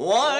What?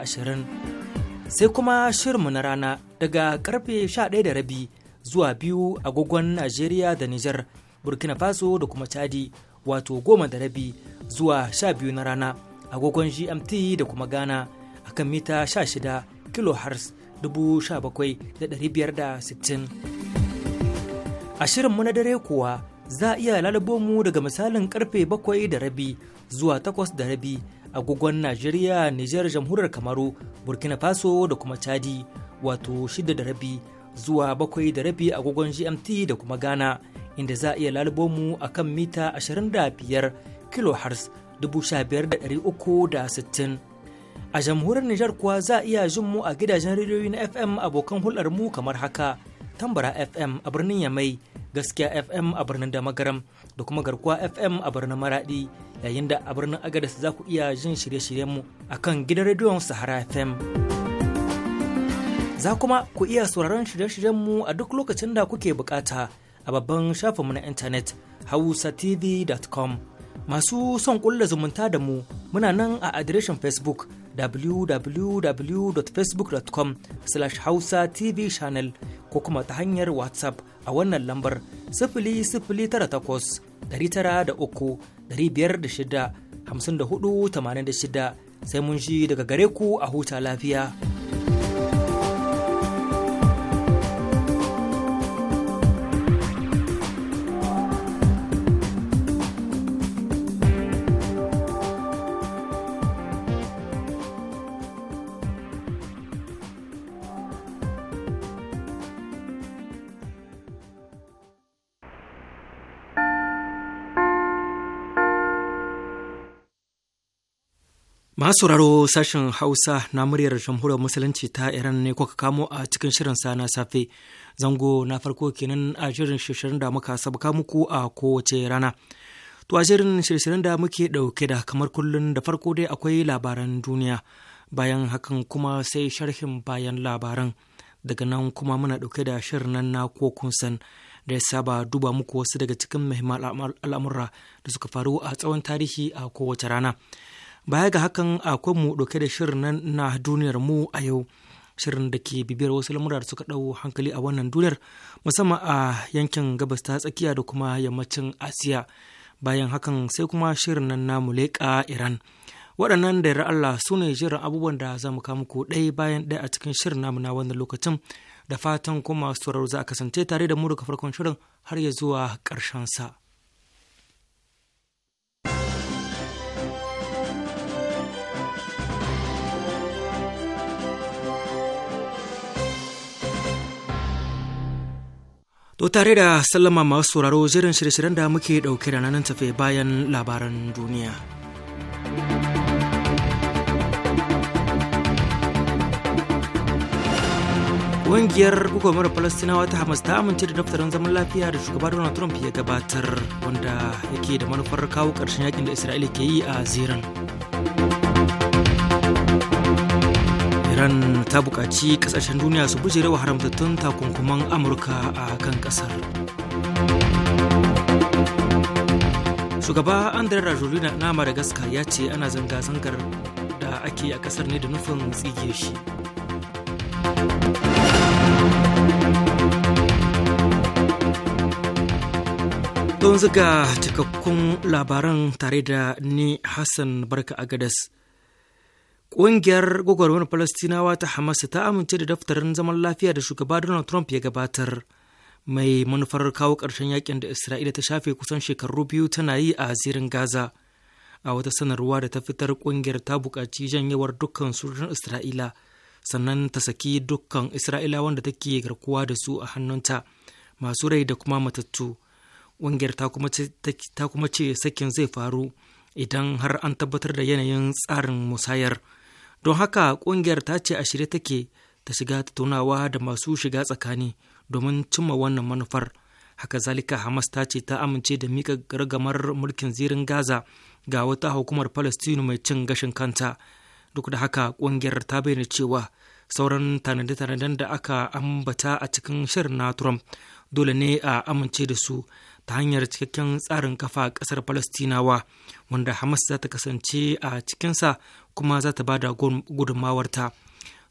ashirin sai kuma shirinmu na rana daga karfe 11:00 zuwa biyu agogon Najeriya da Nijar Burkina Faso da kuma Chadi wato goma da rabi zuwa 12:00 na rana agogon GMT da kuma Ghana akan mita 16 kHz 17,560 a shirinmu na dare kuwa za a iya lalabo mu daga misalin karfe bakwai da rabi zuwa takwas da rabi agogon Najeriya, Nijar, Jamhuriyar Kamaru, Burkina Faso da kuma Chadi, wato 6 da rabi zuwa 7 da rabi agogon GMT da kuma Ghana, inda za a iya lalubo mu a kan mita 25 kHz 15,360. A jamhuriyar Nijar kuwa za a iya jin mu a gidajen rediyoyi na FM abokan hulɗar mu kamar haka, Tambara FM a birnin Yamai, Gaskiya FM a birnin Damagaram da kuma Garkuwa FM a birnin Maradi. yayin da a birnin agadas za ku iya jin shirye-shiryenmu a kan gidan rediyon sahara fm za kuma ku iya sauraron shirye-shiryenmu a duk lokacin da kuke bukata a babban shafinmu na intanet hausatv.com masu son kulla zumunta da mu muna nan a adireshin facebook www.facebook.com slash hausa tv channel ko kuma ta hanyar whatsapp a wannan lambar da 903 da 86 sai mun shi daga gare ku a huta lafiya. Masu sauraro sashen Hausa na muryar jamhuriyar Musulunci ta Iran ne kuka kamo a cikin shirin sa na safe. Zango na farko kenan a shirin shirin da muka sabuka muku a kowace rana. To a shirin shirin da muke ɗauke da kamar kullum da farko dai akwai labaran duniya. Bayan hakan kuma sai sharhin bayan labaran. Daga nan kuma muna ɗauke da shirin nan na kokun san da ya saba duba muku wasu daga cikin muhimman al'amura da suka faru a tsawon tarihi a kowace rana. baya ga hakan akwai mu ɗauke da shirin nan na duniyar mu a yau shirin da ke bibiyar wasu lamura da suka ɗau hankali a wannan duniyar musamman a yankin gabas ta tsakiya da kuma yammacin asiya bayan hakan sai kuma shirin nan na muleka iran waɗannan da yarda Allah su ne jiran abubuwan da za mu kamu ɗaya bayan ɗaya a cikin shirin namu na wannan lokacin da fatan kuma su za a kasance tare da mu daga farkon shirin har ya zuwa ƙarshen sa. To tare da sallama masu sauraro jiran shirye-shiryen da muke ɗauke da nan tafe bayan labaran duniya. Ƙungiyar hukumar Falastinawa ta Hamas ta amince da daftarin zaman lafiya da shugaba Donald Trump ya gabatar wanda yake da manufar kawo ƙarshen yakin da Isra'ila ke yi a zirin. iran ta buƙaci ƙasashen duniya su bujirewa haramtattun takunkuman amurka a kan ƙasar shugaba andré rajolina na madagascar ya ce ana zanga-zangar da ake a ƙasar ne da nufin tsige shi don ziga cikakkun labaran tare da ni hassan barka agadas Ƙungiyar gwagwarmar Falastinawa ta Hamas ta amince da daftarin zaman lafiya da shugaba Donald Trump ya gabatar mai manufar kawo ƙarshen yakin da Isra'ila ta shafe kusan shekaru biyu tana yi a zirin Gaza. A wata sanarwa da ta fitar ƙungiyar ta buƙaci janyewar dukkan sojojin Isra'ila sannan ta saki dukkan isra'ila da take garkuwa da su a hannunta masu rai da kuma matattu. Ƙungiyar ta kuma ce sakin zai faru idan har an tabbatar da yanayin tsarin musayar. don haka ƙungiyar ta ce a shirye take ta shiga tattaunawa da masu shiga tsakani domin cimma wannan manufar haka zalika hamas ta ce ta amince da mika gargamar mulkin zirin gaza ga wata hukumar palestine mai cin gashin kanta duk da haka ƙungiyar ta bayyana cewa sauran tanade-tanaden da aka ambata a cikin shirin na trump dole ne a amince da su ta hanyar cikakken tsarin kafa ƙasar Falastinawa wanda Hamas za ta kasance a cikinsa kuma za ta bada gudunmawarta.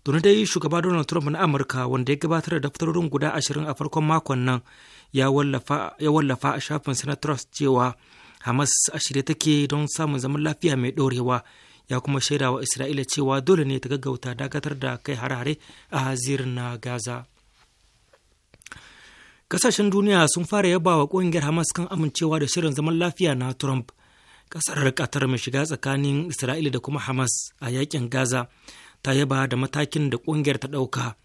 Tuni dai shugaba Donald Trump na Amurka wanda ya gabatar da daftarorin guda ashirin a farkon makon nan ya wallafa a shafin na cewa Hamas a shirye take don samun zaman lafiya mai ɗorewa ya kuma shaidawa Isra'ila cewa dole ne ta gaggauta dakatar da kai harare a zirin na Gaza. Kasashen duniya sun fara yaba wa ƙungiyar Hamas kan amincewa da shirin zaman lafiya na Trump. Kasar katar mai shiga tsakanin Isra'ila da kuma Hamas a yakin Gaza ta yaba da matakin da ƙungiyar ta ɗauka.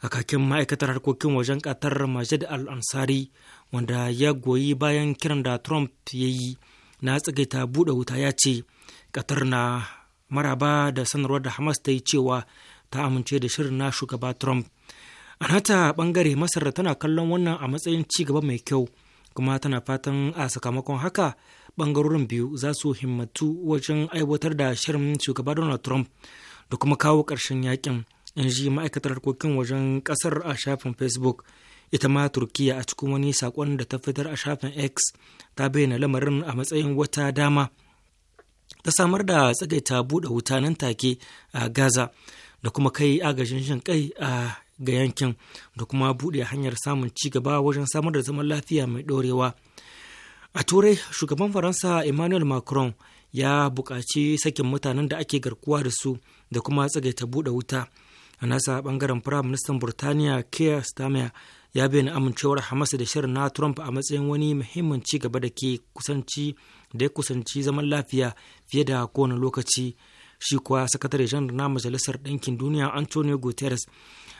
Kakakin ma'aikatar harkokin wajen katar Majid Al-Ansari wanda ya goyi bayan kiran da Trump ya yi na tsagaita buɗe wuta ya ce Qatar na maraba da sanarwar da Hamas ta yi cewa ta amince da shirin na shugaba Trump a nata bangare masar tana kallon wannan a matsayin ci gaba mai kyau kuma tana fatan a sakamakon haka bangarorin biyu za su himmatu wajen aiwatar da shirin shugaba donald trump da kuma kawo ƙarshen yakin in ji ma'aikatar harkokin wajen ƙasar a shafin facebook ita ma turkiya a cikin wani saƙon da ta fitar a shafin x ta bayyana lamarin a matsayin wata dama ta samar da tsagaita buɗe wuta nan take a gaza da kuma kai agajin shan kai a ga yankin da kuma buɗe hanyar samun ci gaba wajen samar da zaman lafiya mai ɗorewa. A Turai, shugaban Faransa Emmanuel Macron ya buƙaci sakin mutanen da ake garkuwa da su da kuma tsagaita buɗe wuta. A nasa ɓangaren Firaministan Burtaniya Keir Starmer ya bayyana amincewar Hamas da shirin na Trump a matsayin wani muhimmin ci gaba da ke kusanci da ya kusanci zaman lafiya fiye da kowane lokaci. shi kuwa sakatare janar na majalisar ɗinkin duniya antonio guterres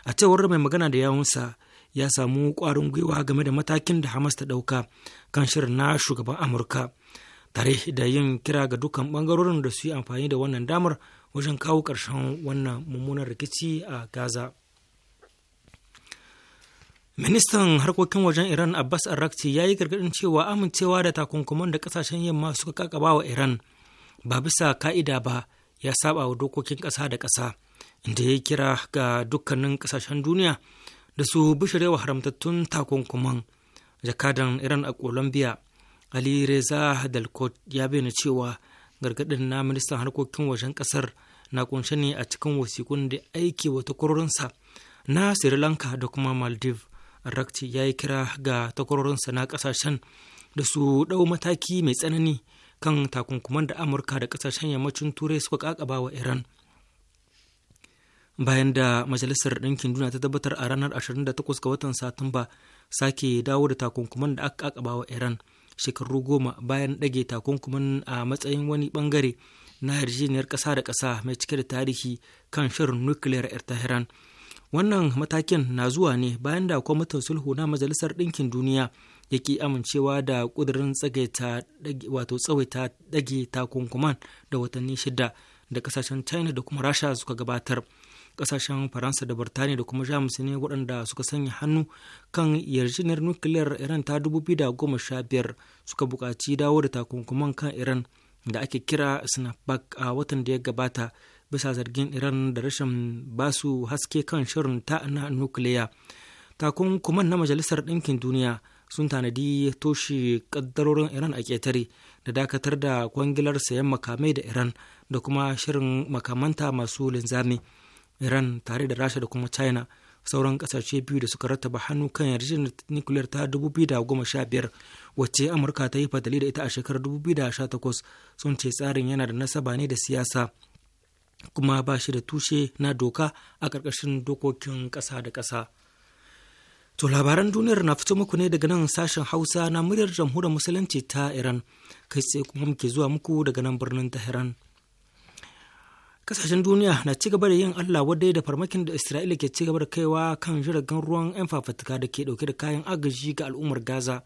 a cewar mai magana da yawunsa ya samu ƙwarin gwiwa game da matakin da hamas ta ɗauka kan shirin na shugaban amurka tare da yin kira ga dukkan ɓangarorin da su yi amfani da wannan damar wajen kawo ƙarshen wannan mummunan rikici a gaza ministan harkokin wajen iran abbas arrakti ya yi gargaɗin cewa amincewa da takunkuman da ƙasashen yamma suka kakaba wa iran ba bisa ka'ida ba ya saba wa dokokin ƙasa da ƙasa inda ya kira ga dukkanin ƙasashen duniya da su bishirewa haramtattun takunkuman jakadan iran a colombia ali reza dalkot ya bayyana cewa gargaɗin na ministan harkokin wajen ƙasar na kunshe ne a cikin wasikun da aiki wa takwarorinsa na sri lanka da kuma maldives rakti ya yi kira ga takwarorinsa na ƙasashen da su ɗau mataki mai tsanani kan takunkuman da amurka da kasashen yammacin turai suka kakaba wa iran bayan da majalisar ɗinkin duniya ta tabbatar a ranar 28 ga watan satumba sake dawo da takunkuman da aka kakaba wa iran shekaru goma bayan ɗage takunkuman a matsayin wani bangare na yarjejeniyar ƙasa da ƙasa mai cike da tarihi kan shirin nukiliyar yar tahiran wannan matakin na zuwa ne bayan da kwamitin sulhu na majalisar ɗinkin duniya ya ki amincewa da ƙudurin tsawaita ɗage takunkuman da watanni shida da kasashen china da kuma rasha suka gabatar kasashen faransa da birtaniya da kuma jamus ne waɗanda suka sanya hannu kan yarjinar nukiliyar iran ta biyar suka buƙaci dawo da takunkuman kan iran da ake kira snapback a watan da ya gabata bisa zargin iran da rashin basu haske kan shirin ta nukiliya takunkuman na majalisar ɗinkin duniya sun tanadi toshe kaddarorin iran a ƙetare da dakatar da kwangilar sayan makamai da iran da kuma shirin makamanta masu linzami iran tare da rasha da kuma china sauran kasashe biyu da suka rattaba hannu kan yarjejeniyar nukiliyar ta 2015 wacce amurka ta yi fadali da ita a shekarar 2018 sun ce tsarin yana da nasaba ne da siyasa kuma ba shi da tushe na doka a ƙarƙashin dokokin ƙasa da ƙasa. To labaran duniyar na fito muku ne daga nan sashen Hausa na muryar jamhuriyar musulunci ta Iran kai tsaye kuma muke zuwa muku daga nan birnin Tehran. Kasashen duniya na ci gaba da yin Allah wadai da farmakin da Isra'ila ke ci gaba da kaiwa kan jiragen ruwan 'yan fafatuka da ke dauke da kayan agaji ga al'ummar Gaza.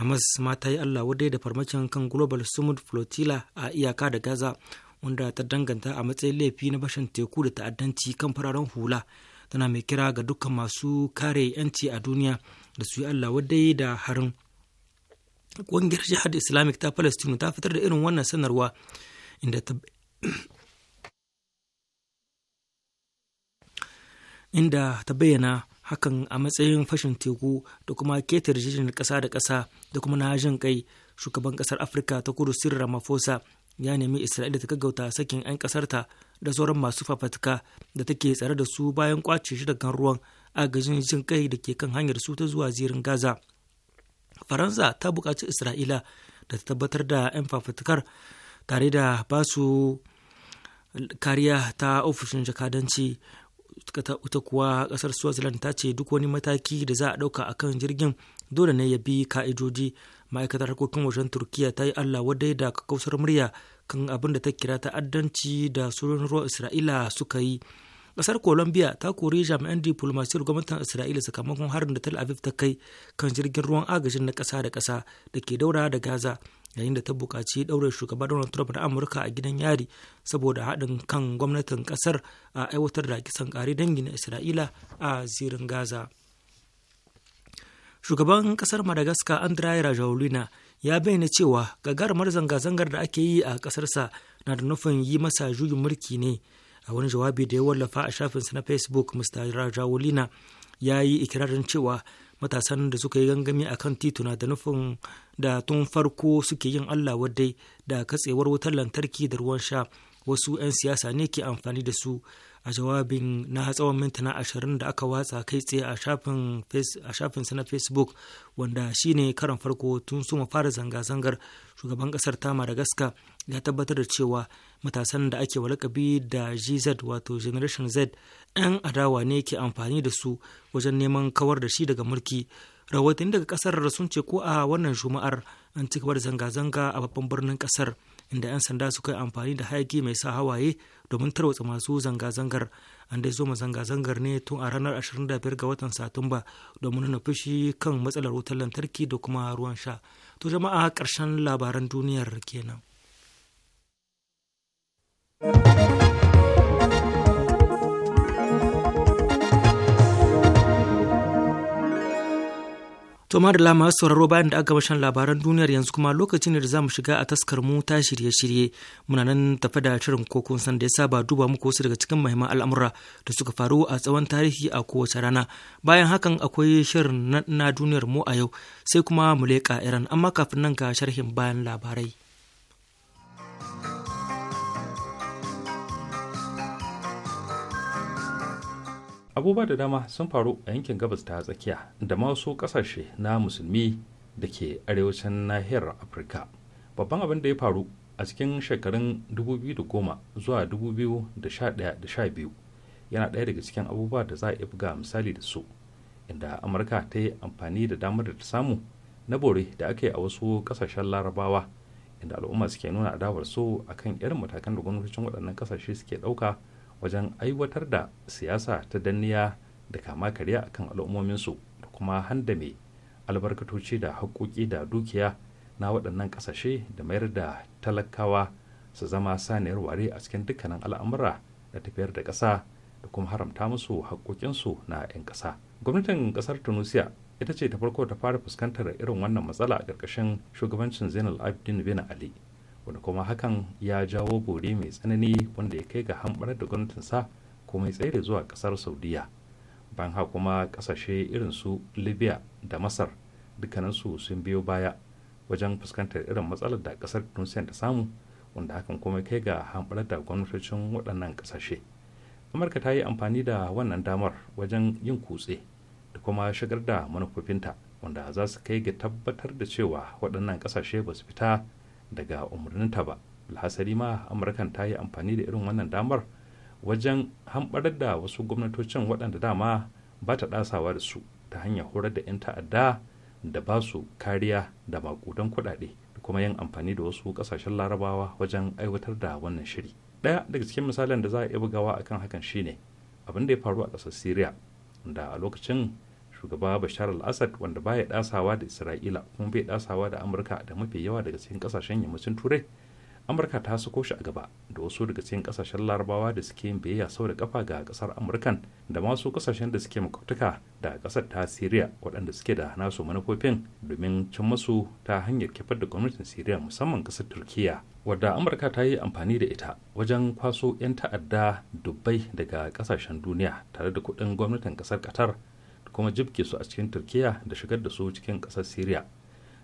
Hamas ma ta yi Allah wadai da farmakin kan Global Summit Flotilla a iyaka da Gaza wanda ta danganta a matsayin laifi na bashin teku da ta'addanci kan fararen hula. tana mai kira ga dukkan masu kare 'yanci a duniya da su yi allah wadai da harin ƙungiyar jihar islamic ta palestine ta fitar da irin wannan sanarwa inda ta bayyana hakan a matsayin fashin teku da kuma ketar jirgin ƙasa da ƙasa da kuma na jin kai shugaban ƙasar afirka ta kudu sirra mafosa ya nemi isra'ila ta gaggauta sakin 'yan kasarta da sauran masu fafatuka da take tsare da su bayan kwace shi daga ruwan agajin jin kai da ke kan hanyar su ta zuwa zirin gaza faransa ta bukaci isra'ila da ta tabbatar da 'yan fafatukar tare da ba su kariya ta ofishin jakadanci uta kuwa kasar swaziland ta ce duk wani mataki da za a ɗauka akan jirgin dole ne ya bi ka'idoji ma'aikatar harkokin wajen turkiya ta yi allah wadai da kakausar murya kan abin da ta kira ta'addanci da sojojin ruwan isra'ila suka yi ƙasar colombia ta kori jami'an diplomasiyar gwamnatin isra'ila sakamakon harin da tel aviv ta kai kan jirgin ruwan agajin na kasa da kasa da ke daura da gaza yayin da ta buƙaci ɗaure shugaba donald trump na amurka a gidan yari saboda haɗin kan gwamnatin ƙasar a aiwatar da kisan ƙari dangi na isra'ila a zirin gaza shugaban kasar madagascar andrei rajaulina ya bayyana cewa gagarumar zanga-zangar da ake yi a kasarsa na da nufin yi masa juyin mulki ne a wani jawabi da ya wallafa a shafinsa na facebook mr rajaulina ya yi ikirarin cewa matasan da suka yi gangami a kan tituna da nufin da tun farko suke yin allah wadai da katsewar wutar lantarki da ruwan sha wasu 'yan siyasa ne ke amfani da su a jawabin na tsawon mintuna ashirin da aka watsa kai tsaye a shafin sa na facebook wanda shine karan farko tun suma fara zanga-zangar shugaban kasar ta madagascar ya tabbatar da cewa matasan da ake walakabi da gz wato generation z 'yan adawa ne ke amfani da su wajen neman kawar da shi daga mulki rahotanni daga kasar sun ce ko a wannan juma'ar an ci gaba da zanga-zanga a babban birnin kasar inda 'yan sanda suka yi amfani da hayaki mai sa hawaye domin tarwatsa masu zanga-zangar an dai zoma zanga-zangar ne tun a ranar 25 ga watan satumba domin nuna fushi kan matsalar wutar lantarki da kuma ruwan sha to jama'a ƙarshen labaran duniyar kenan. To da lama sauraro bayan da aka shan labaran duniyar yanzu kuma lokaci ne da za mu shiga a taskar mu ta shirye-shirye muna nan tafi da shirin kokon san da ya saba duba muku wasu daga cikin mahimman al'amura da suka faru a tsawon tarihi a kowace rana bayan hakan akwai shirin na duniyar mu a yau sai kuma mu leƙa iran amma kafin nan ga sharhin bayan labarai. abubuwa da dama sun faru a yankin gabas ta tsakiya da masu kasashe na musulmi da ke arewacin nahiyar afirka babban abin da ya faru a cikin shekarun 2010 zuwa 2011-12 yana ɗaya daga cikin abubuwa da za a buga misali da su inda amurka ta yi amfani da damar da ta samu na bore da aka yi a wasu kasashen larabawa inda al'umma suke nuna adawar su akan irin matakan da gwamnatocin waɗannan kasashe suke ɗauka wajen aiwatar da siyasa ta danniya da kama karya akan al'ummominsu da kuma handame albarkatoci da haƙoƙi da dukiya na waɗannan ƙasashe da mayar da talakawa su zama saniyar ware a cikin dukkanin al'amura da tafiyar da ƙasa da kuma haramta musu haƙoƙinsu na 'yan ƙasa gwamnatin ƙasar tunisia ita ce ta farko ta fara fuskantar irin wannan matsala a ƙarƙashin shugabancin zainal abidin bin ali wanda kuma hakan ya jawo bore mai tsanani wanda ya kai ga hambar da gwamnatinsa kuma ya tsere zuwa kasar saudiya ban ha kuma kasashe irin su libya da masar dukkaninsu sun biyo baya wajen fuskantar irin matsalar da kasar tunisia ta samu wanda hakan kuma kai ga hambar da gwamnatocin waɗannan ƙasashe amurka ta yi amfani da wannan damar wajen yin kutse da kuma shigar da manufofinta wanda za su kai ga tabbatar da cewa waɗannan ƙasashe ba su fita daga umarninta ba alhasari ma amurkan ta yi amfani da irin wannan damar wajen hamɓarar da wasu gwamnatocin waɗanda dama ba ta ɗasawa da su ta hanyar horar da 'yan ta'adda da ba su kariya da makudan kuɗaɗe da kuma yin amfani da wasu ƙasashen larabawa wajen aiwatar da wannan shiri ɗaya daga cikin misalin da za a iya bugawa akan hakan shine abin da ya faru a ƙasar syria da a lokacin shugaba bashar al-assad wanda baya dasawa da isra'ila kuma bai dasawa da amurka da mafi yawa daga cikin kasashen yammacin turai amurka ta sako shi a gaba da wasu daga cikin kasashen larabawa da suke yin biyayya sau da kafa ga kasar amurkan da masu kasashen da suke makwabtaka da kasar ta syria waɗanda suke da nasu manufofin domin cin masu ta hanyar kifar da gwamnatin syria musamman kasar turkiya wadda amurka ta yi amfani da ita wajen kwaso 'yan ta'adda dubbai daga kasashen duniya tare da kuɗin gwamnatin kasar qatar da kuma jibke su a cikin turkiya da shigar da su cikin kasar syria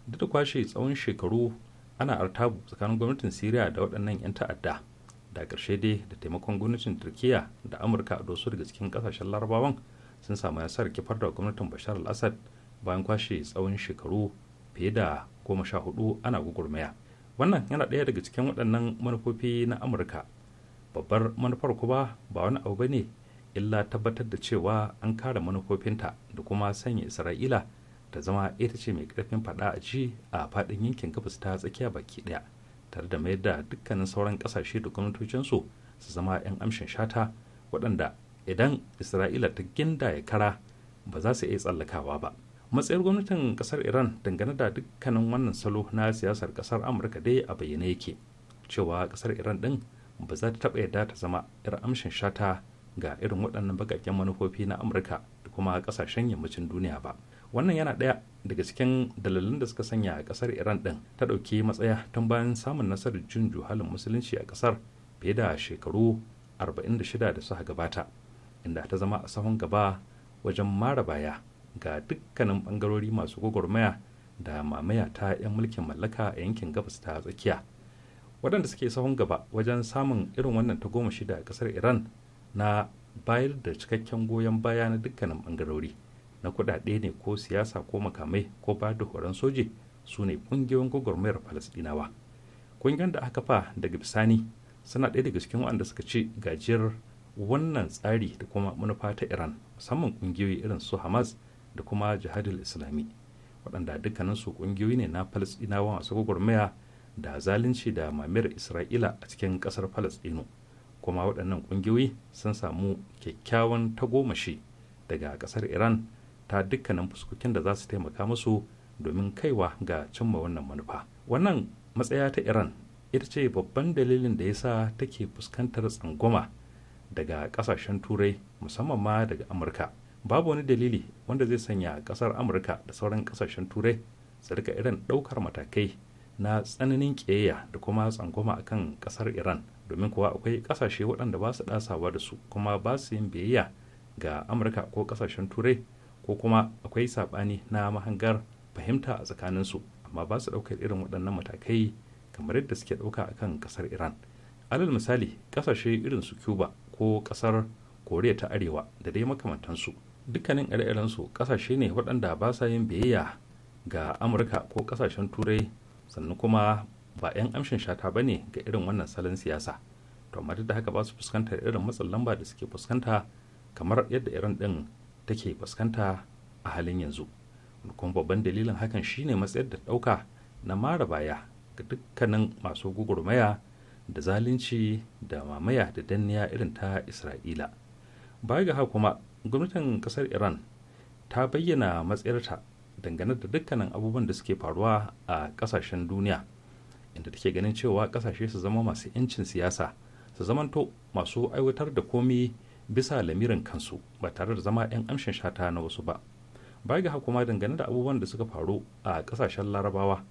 duk da kwashe tsawon shekaru ana artabu tsakanin gwamnatin syria da waɗannan 'yan ta'adda da ƙarshe dai da taimakon gwamnatin turkiya da amurka a dosu daga cikin ƙasashen larabawan sun samu nasarar kifar da gwamnatin bashar al-assad bayan kwashe tsawon shekaru fiye da goma sha hudu ana gugurmaya wannan yana ɗaya daga cikin waɗannan manufofi na amurka babbar manufar kuma ba wani abu bane illa tabbatar da cewa an kare manufofinta da kuma sanya isra'ila ta zama ita ce mai karfin fada a ci a fadin yankin gabas ta tsakiya baki daya tare da mayar da dukkanin sauran kasashe da gwamnatocinsu su zama 'yan amshin shata waɗanda idan isra'ila ta ginda ya kara ba za su iya tsallakawa ba matsayin gwamnatin kasar iran dangane da dukkanin wannan salo na siyasar kasar amurka dai a bayyane yake cewa kasar iran din ba za ta taɓa yarda ta zama 'yar amshin shata ga irin waɗannan bakakken manufofi na amurka da kuma ƙasashen yammacin duniya ba wannan yana ɗaya daga cikin dalilin da suka sanya a ƙasar iran ɗin ta ɗauki matsaya tun bayan samun nasarar jin juhalin musulunci a ƙasar fiye da shekaru 46 da suka gabata inda ta zama a sahun gaba wajen mara baya ga dukkanin ɓangarori masu gwagwarmaya da mamaya ta 'yan mulkin mallaka a yankin gabas ta tsakiya waɗanda suke sahun gaba wajen samun irin wannan ta goma shida a ƙasar iran na bayar da cikakken goyon baya na dukkanin bangarori na kudade ne ko siyasa ko makamai ko ba da horon soji su ne kungiyoyin gwagwarmayar falasdinawa kungiyar da aka fa daga bisani suna ɗaya daga cikin waɗanda suka ci gajiyar wannan tsari da kuma manufa ta iran musamman kungiyoyi irin su hamas da kuma jihadul islami waɗanda su kungiyoyi ne na falasdinawa masu gwagwarmaya da zalunci da mamayar isra'ila a cikin ƙasar falasdino kuma waɗannan ƙungiyoyi sun samu kyakkyawan tagomashi daga ƙasar iran ta dukkanin fuskokin da za su taimaka musu domin kaiwa ga cimma wannan manufa wannan matsaya ta iran ita ce babban dalilin da ya sa take fuskantar tsangwama daga ƙasashen turai musamman ma daga amurka babu wani dalili wanda zai sanya ƙasar amurka da sauran ƙasashen turai su rika irin ɗaukar matakai na tsananin ƙiyayya da kuma tsangwama akan ƙasar iran domin kuwa akwai kasashe waɗanda ba su ɗasawa da su kuma ba su yin biyayya ga amurka ko kasashen turai ko kuma akwai saɓani na mahangar fahimta a tsakaninsu amma ba su ɗaukar irin waɗannan matakai kamar yadda suke ɗauka a kan ƙasar iran alal misali ƙasashe irin su cuba ko ƙasar koriya ta arewa da dai makamantansu dukkanin ire-irensu ƙasashe ne waɗanda ba sa yin biyayya ga amurka ko ƙasashen turai sannan kuma ba 'yan amshin shata ba ne ga irin wannan salon siyasa to amma da haka ba su fuskantar irin matsin lamba da suke fuskanta kamar yadda iran din take fuskanta a halin yanzu kuma babban dalilin hakan shine matsayar da ɗauka na mara baya ga dukkanin masu gugurmaya da zalunci da mamaya da danniya irin ta isra'ila baya ga haka kuma gwamnatin kasar iran ta bayyana matsayarta dangane da dukkanin abubuwan da suke faruwa a kasashen duniya inda take ganin cewa kasashe su zama masu 'yancin siyasa su zamanto masu aiwatar da komi bisa lamirin kansu ba tare da zama 'yan amshin shata na wasu ba baya ga hakuma dangane da abubuwan da suka faru a kasashen larabawa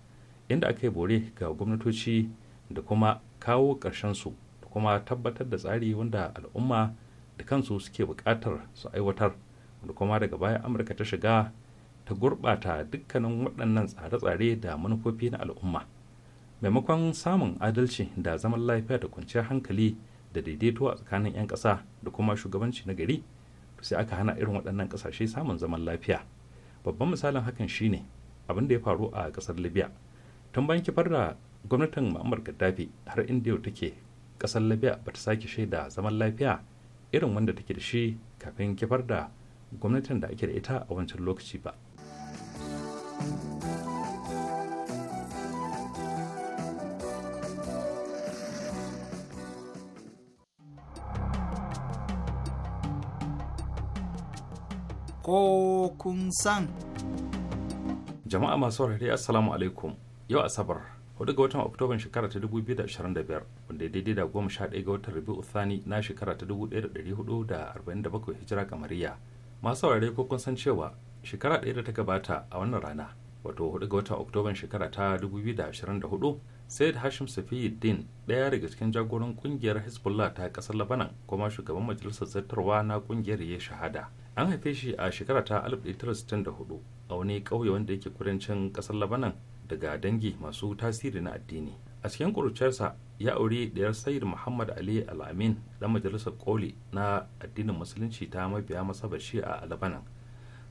inda aka yi bore ga gwamnatoci da kuma kawo su da kuma tabbatar da tsari wanda al'umma da kansu suke buƙatar su aiwatar da kuma daga baya amurka ta shiga ta gurɓata dukkanin waɗannan tsare-tsare da manufofi na al'umma maimakon samun adalci da zaman lafiya da kwanciyar hankali da daidaito a tsakanin 'yan ƙasa da kuma shugabanci na gari sai aka hana irin waɗannan ƙasashe samun zaman lafiya babban misalin hakan shine abin da ya faru a ƙasar libya tun bayan kifar da gwamnatin ma'amar gaddafi har inda yau take ƙasar libya ba ta sake shaida zaman lafiya irin wanda take da shi kafin kifar da gwamnatin da ake da ita a wancan lokaci ba ko kun san. Jama'a masu saurare Assalamu alaikum yau Asabar hudu ga watan Oktoban shekara ta 2025 wanda daidai da goma sha ɗaya ga watan Rabi'u Thani na shekara ta 1447 hijira kamariya. Masu saurare ko kun san cewa shekara ɗaya da ta gabata a wannan rana wato hudu ga watan Oktoban shekara ta 2024 Said Hashim din ɗaya daga cikin jagoran kungiyar Hezbollah ta ƙasar Labanan kuma shugaban majalisar zartarwa na kungiyar ya shahada. an haife shi a shekara ta 1964 a wani ƙauye wanda yake kudancin ƙasar labanan daga dangi masu tasiri na addini a cikin ƙuruciyarsa ya aure ɗayar sayyid muhammad ali al al'amin ɗan majalisar koli na addinin musulunci ta mabiya masabar shi a labanan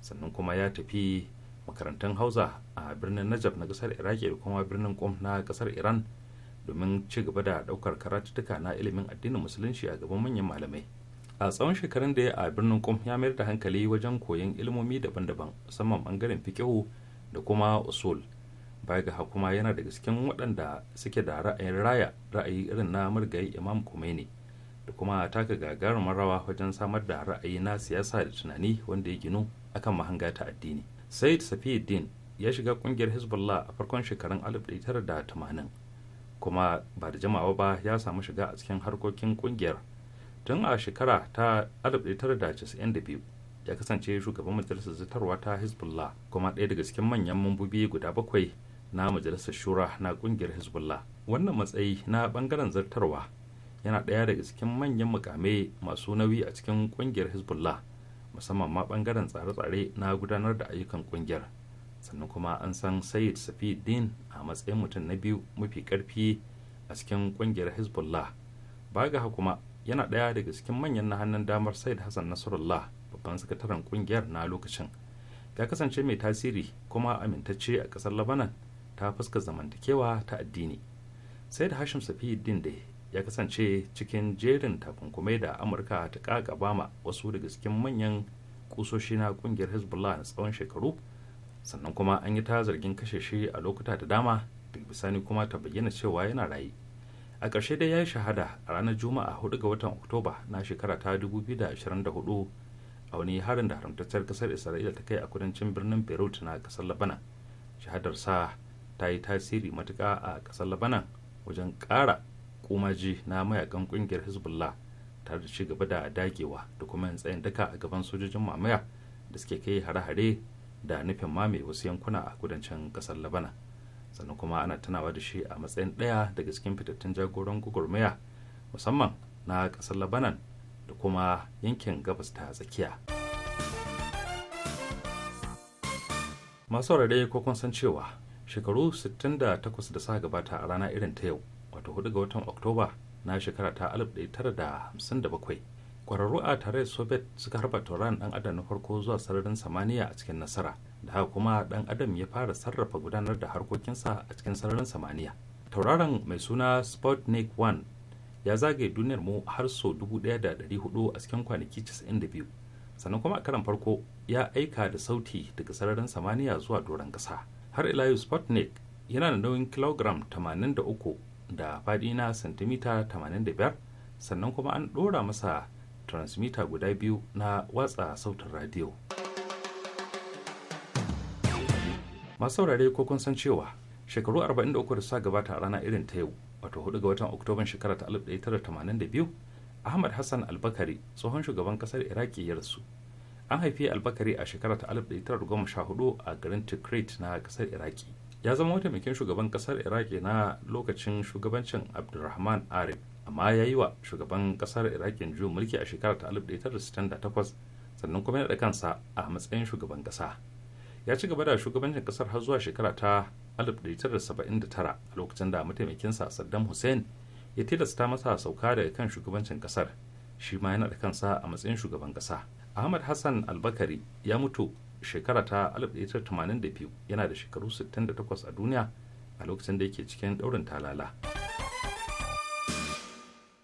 sannan kuma ya tafi makarantun hausa a birnin najaf na ƙasar iraki da kuma birnin kom na ƙasar iran domin ci gaba da ɗaukar karatuttuka na ilimin addinin musulunci a gaban manyan malamai a tsawon shekarun da ya a birnin kum ya mayar da hankali wajen koyon ilmomi daban-daban musamman bangaren fikihu da kuma usul baya ga hakuma yana daga cikin waɗanda suke da ra'ayin raya ra'ayi irin na murgayi imam Khomeini da kuma taka gagarumar rawa wajen samar da ra'ayi na siyasa da tunani wanda ya ginu akan mahanga ta addini said safiuddin ya shiga kungiyar hezbollah a farkon shekarun 1980 kuma ba da jimawa ba ya samu shiga a cikin harkokin kungiyar tun a shekara ta 1992 ya kasance shugaban majalisar zartarwa ta hezbollah kuma ɗaya daga cikin manyan mambobi guda bakwai na majalisar shura na ƙungiyar hezbollah wannan matsayi na ɓangaren zartarwa yana ɗaya daga cikin manyan mukame masu nauyi a cikin ƙungiyar hezbollah musamman ma ɓangaren tsare-tsare na gudanar da ayyukan ƙungiyar sannan kuma an san sayid safi din a matsayin mutum na biyu mafi ƙarfi a cikin ƙungiyar hezbollah ba baga kuma yana ɗaya daga cikin manyan na hannun damar said hassan nasarullah babban sakataren ƙungiyar na lokacin ya kasance mai tasiri kuma amintacce a ƙasar labanan ta fuska zamantakewa ta addini sai da hashim din da ya kasance cikin jerin takunkumai da amurka ta ma wasu daga cikin manyan ƙusoshi na ƙungiyar hezbollah na tsawon shekaru sannan kuma an yi ta zargin kashe shi a lokuta da dama daga bisani kuma ta bayyana cewa yana raye a ƙarshe da ya yi shahada a ranar juma'a 4 ga watan oktoba na shekara ta 2024 a wani harin da haramtacciyar ƙasar isra'ila ta kai a kudancin birnin beirut na ƙasar labanan shahadar sa ta yi tasiri matuka a ƙasar labanan wajen ƙara kumaji na mayakan ƙungiyar hezbollah tare da ci gaba da dagewa da kuma yin tsayin daka a gaban sojojin mamaya da suke kai hare-hare da nufin mame wasu yankuna a kudancin ƙasar labanan sannan kuma ana tunawa da shi a matsayin ɗaya daga cikin fitattun jagoran gwagwarmaya musamman na ƙasar labanan da kuma yankin gabas ta tsakiya masu rarrai ko kun san cewa shekaru 68 da sa gabata a rana irin ta yau wato 4 ga watan oktoba na shekara ta 1957 kwararru a tare soviet suka harba turan dan adam na farko zuwa sararin samaniya a cikin nasara da kuma dan adam ya fara sarrafa gudanar da harkokinsa a cikin sararin samaniya tauraron mai suna sputnik 1 ya zagaye duniyar mu har sau 1400 a cikin kwanaki 92 sannan kuma a karan farko ya aika da sauti daga sararin samaniya zuwa doron kasa. har ila yau sputnik yana da nauyin kilogram 83 da faɗi na santimita 85 sannan kuma an ɗora masa transmitter guda biyu na watsa sautin radiyo. masu saurare ko kun san cewa shekaru 43 da suka gabata a rana irin ta yau wato 4 ga watan oktoban shekara ta 1982 ahmad hassan albakari tsohon shugaban kasar iraki ya rasu an haifi albakari a shekara ta 1914 a garin tikrit na kasar iraki ya zama wata mataimakin shugaban kasar iraki na lokacin shugabancin abdulrahman arif amma ya yi wa shugaban kasar iraki juyin mulki a shekara ta 1968 sannan kuma ya kansa a matsayin shugaban kasa ya ci gaba da shugabancin kasar har zuwa shekara ta 1979 a lokacin da mataimakinsa saddam hussein ya tilasta masa sauka daga kan shugabancin kasar shi ma yana da kansa a matsayin shugaban kasa ahmad hassan albakari ya mutu shekara ta 1982 yana da shekaru 68 a duniya a lokacin da yake cikin daurin talala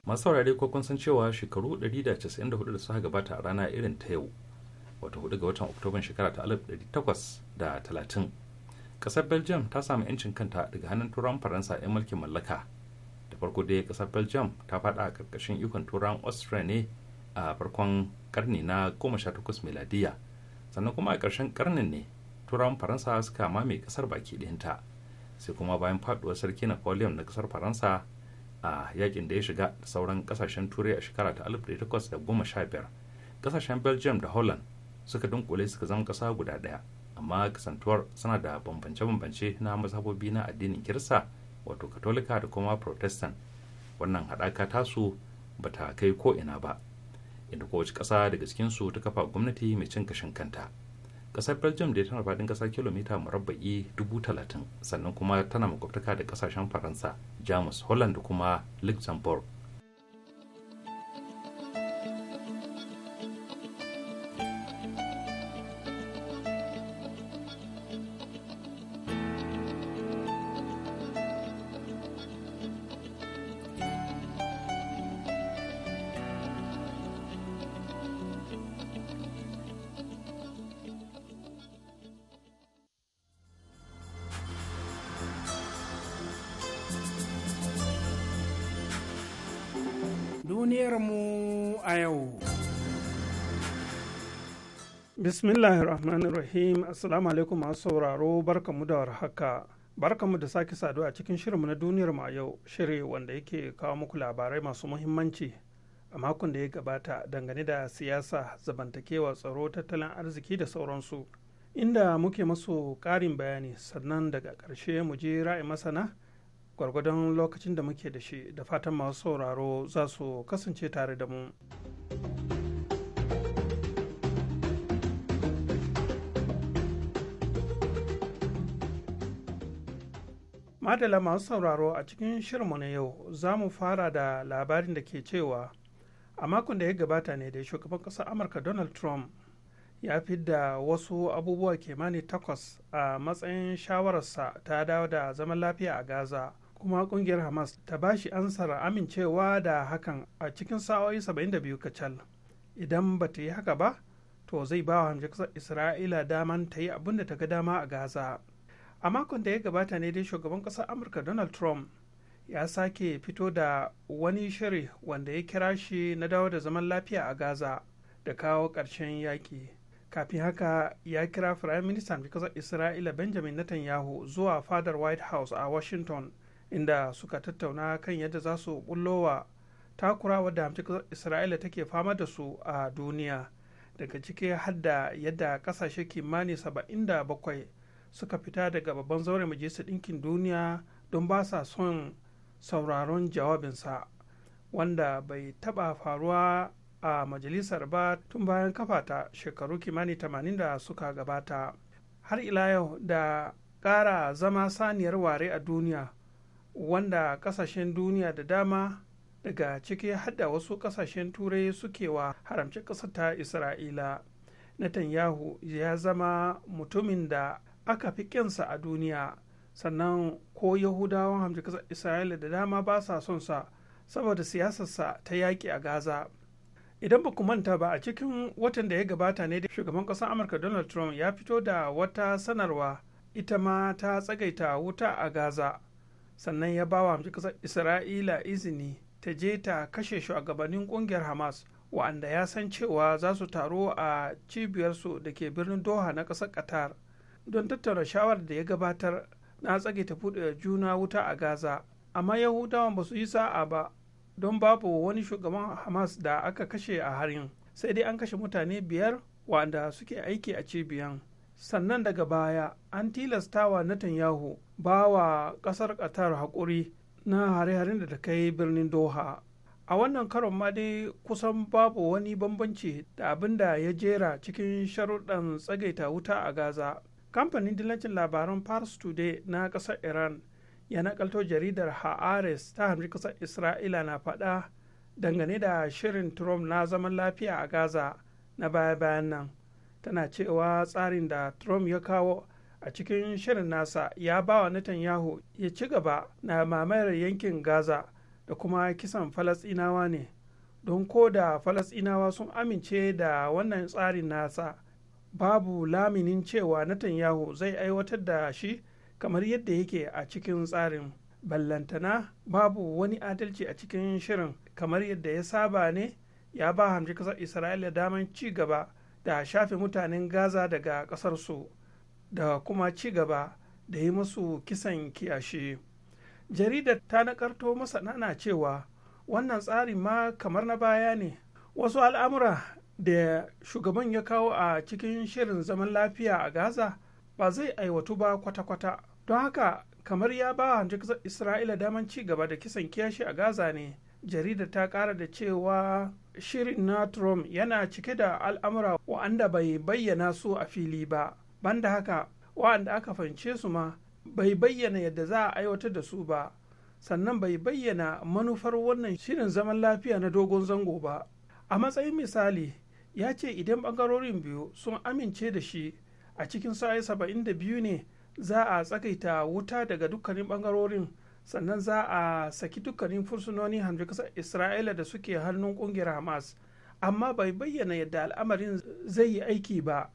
masu saurare ko kun san cewa shekaru 194 da suka gabata a rana irin ta yau wata hudu ga watan oktoban shekara ta 1830 kasar belgium ta samu 'yancin kanta daga hannun turan faransa ya mulkin mallaka da farko dai kasar belgium ta faɗa a karkashin ikon turan austria ne a farkon karni na 18 miladiya sannan kuma a karshen karnin ne turan faransa suka mame kasar baki ɗinta sai kuma bayan faɗuwar sarki napoleon na ƙasar faransa a yakin da ya shiga da sauran kasashen turai a shekara ta 1815 kasashen belgium da holland suka dunkule suka zama ƙasa guda ɗaya amma kasantuwar suna da bambance-bambance na mazhabobi na addinin kirista wato katolika da kuma protestant wannan haɗaka tasu ba ta kai ko ina ba inda kowace ƙasa daga cikin su ta kafa gwamnati mai cin kashin kanta ƙasar belgium da tana faɗin ƙasar kilomita murabba'i dubu talatin sannan kuma tana makwabtaka da ƙasashen faransa jamus holland da kuma luxembourg duniyarmu a yau. Bismillahir Rahmanir Rahim Assalamu alaikum masu sauraro barkamu da warhaka. Barkamu da sake saduwa a cikin shirinmu na duniyar mu a yau, shiri wanda yake kawo muku labarai masu muhimmanci a makon da ya gabata dangane da siyasa, zabantakewa tsaro, tattalin arziki da sauransu. Inda muke masu karin bayani sannan daga ƙarshe mu je ra'ayi masana gwargwadon lokacin da muke da shi da fatan masu sauraro za su kasance tare da mu. Madala masu sauraro a cikin shirmu na yau za mu fara da labarin da ke cewa a makon da ya gabata ne da shugaban ƙasar Amurka Donald Trump ya da wasu abubuwa kimanin takwas a matsayin shawararsa ta dawo da zaman lafiya a Gaza kuma kungiyar hamas ta bashi ansar amincewa da hakan a cikin sa'o'i 72 kacal idan ba ta yi haka ba to zai ba wa isra'ila daman ta yi abin da ta ga dama a gaza a makon da ya gabata ne dai shugaban ƙasar amurka donald trump ya sake fito da wani shiri wanda ya kira shi na dawo da zaman lafiya a gaza da kawo ƙarshen yaƙi kafin haka ya kira firayim ministan ƙasar isra'ila benjamin netanyahu zuwa fadar white house a washington inda suka tattauna kan yadda za su bullowa takura da hamcin isra'ila take fama da su a duniya daga ciki hadda yadda kasashe kimani 77 suka fita daga babban zauren majalisar ɗinkin duniya don ba sa son sauraron jawabinsa wanda bai taɓa faruwa a majalisar ba tun bayan kafata shekaru kimani 80 da suka gabata har ila yau da ƙara zama saniyar ware a duniya wanda kasashen duniya da dama daga ciki hada wasu kasashen turai suke wa haramci ƙasar ta isra'ila netanyahu ya zama mutumin da aka fi kensa a duniya sannan ko yahudawan hamci ƙasar isra'ila da dama ba sa son sa saboda siyasarsa ta yaƙi a gaza idan ba manta ba a cikin watan da ya gabata ne da shugaban ƙasar amurka donald trump ya fito da wata sanarwa ita ma ta tsagaita wuta a gaza sannan ya ba wa kasar isra'ila izini ta je ta kashe shugabannin kungiyar hamas wa'anda ya san cewa za su taro a cibiyarsu da ke birnin doha na ƙasar qatar don tattara shawarar da ya gabatar na tsage ta buɗe juna wuta a gaza amma yahudawa ba su yi sa'a ba don babu wani shugaban hamas da aka kashe a harin sai dai an kashe mutane biyar wa'anda suke aiki a cibiyan sannan daga baya an tilastawa Netanyahu ba wa ƙasar ƙatar haƙuri na hare-haren da ta kai birnin doha a wannan karon ma dai kusan babu wani bambanci da abin da ya jera cikin sharuɗan tsagaita wuta a gaza kamfanin dillancin labaran pars today na ƙasar iran ya nakalto jaridar haares ta hamri ƙasar isra'ila na faɗa dangane da shirin trump na zaman lafiya a gaza na baya-bayan nan tana cewa tsarin da trump ya kawo a cikin shirin nasa ya ba wa netanyahu ya ci gaba na mamayar yankin gaza da kuma kisan falasinawa ne don ko da falasinawa sun amince da wannan tsarin nasa babu laminin cewa netanyahu zai aiwatar da shi kamar yadda yake a cikin tsarin ballantana babu wani adalci a cikin shirin kamar yadda ya saba ne ya ba hamji kasar isra'ila daman ci gaba da shafe mutanen gaza daga ƙasarsu da kuma ci gaba da yi musu kisan kiyashi jaridar ta nakarto masa na cewa wannan tsari ma kamar na baya ne wasu al'amura da shugaban ya kawo a cikin shirin zaman lafiya a gaza ba zai aiwatu ba kwata-kwata don haka kamar ya ba wa isra'ila daman ci gaba da kisan kiyashi a gaza ne jaridar ta kara da cewa shirin na trump yana cike da al'amura wa'anda bai bayyana su a fili ba banda haka wa'anda aka fahimce su ma bai bayyana yadda za a aiwatar da su ba sannan bai bayyana manufar wannan shirin zaman lafiya na dogon zango ba a matsayin misali ya ce idan bangarorin biyu sun amince da shi a cikin sa'ai 72 ne za a tsakaita wuta daga dukkanin bangarorin sannan za a saki dukkanin fursunoni hamshe kasar isra'ila da suke hannun kungiyar hamas amma bai bayyana yadda al'amarin zai yi aiki ba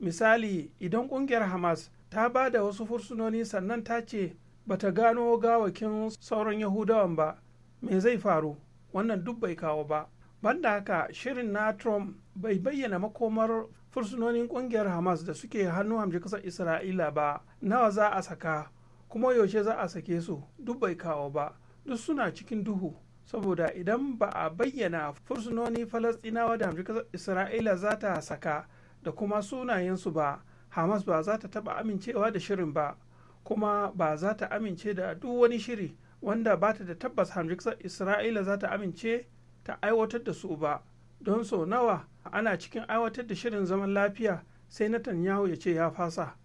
misali idan kungiyar hamas ta ba da wasu fursunoni sannan ta ce ba ta gano gawakin sauran yahudawan ba me zai faru wannan duk bai kawo ba banda haka shirin na trump bai bayyana makomar fursunonin kungiyar hamas da suke hannu hamshe kasar isra'ila ba nawa za a saka kuma yaushe za a sake su duk bai kawo ba duk suna cikin duhu saboda idan ba a bayyana fursunoni falastinawa da amurka isra'ila za ta saka da kuma sunayensu ba hamas ba za ta taba amincewa da shirin ba kuma ba za ta amince da duk wani shiri wanda ba ta da tabbas hamrikisar isra'ila za ta amince ta aiwatar da su ba don so nawa ana cikin aiwatar da shirin zaman lafiya sai Netanyahu ya ce ya fasa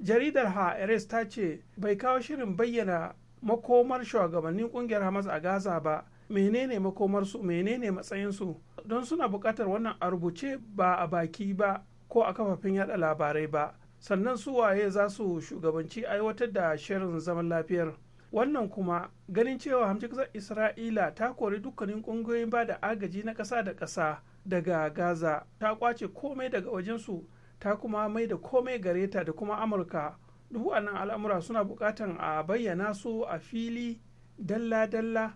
jaridar haares ta ce bai kawo shirin bayyana makomar shugabannin kungiyar hamas a gaza ba menene makomarsu menene su don suna bukatar wannan a rubuce ba a baki ba ko a kafafen yada labarai ba sannan su waye za su shugabanci aiwatar da shirin zaman lafiyar wannan kuma ganin cewa hamshiksar isra'ila ta kori dukkanin ƙungiyoyin ba da agaji na kasa da kasa daga gaza ta kwace komai daga wajensu ta kuma mai da komai gare ta da kuma amurka duk wannan al'amura suna bukatan a bayyana su a fili dalla-dalla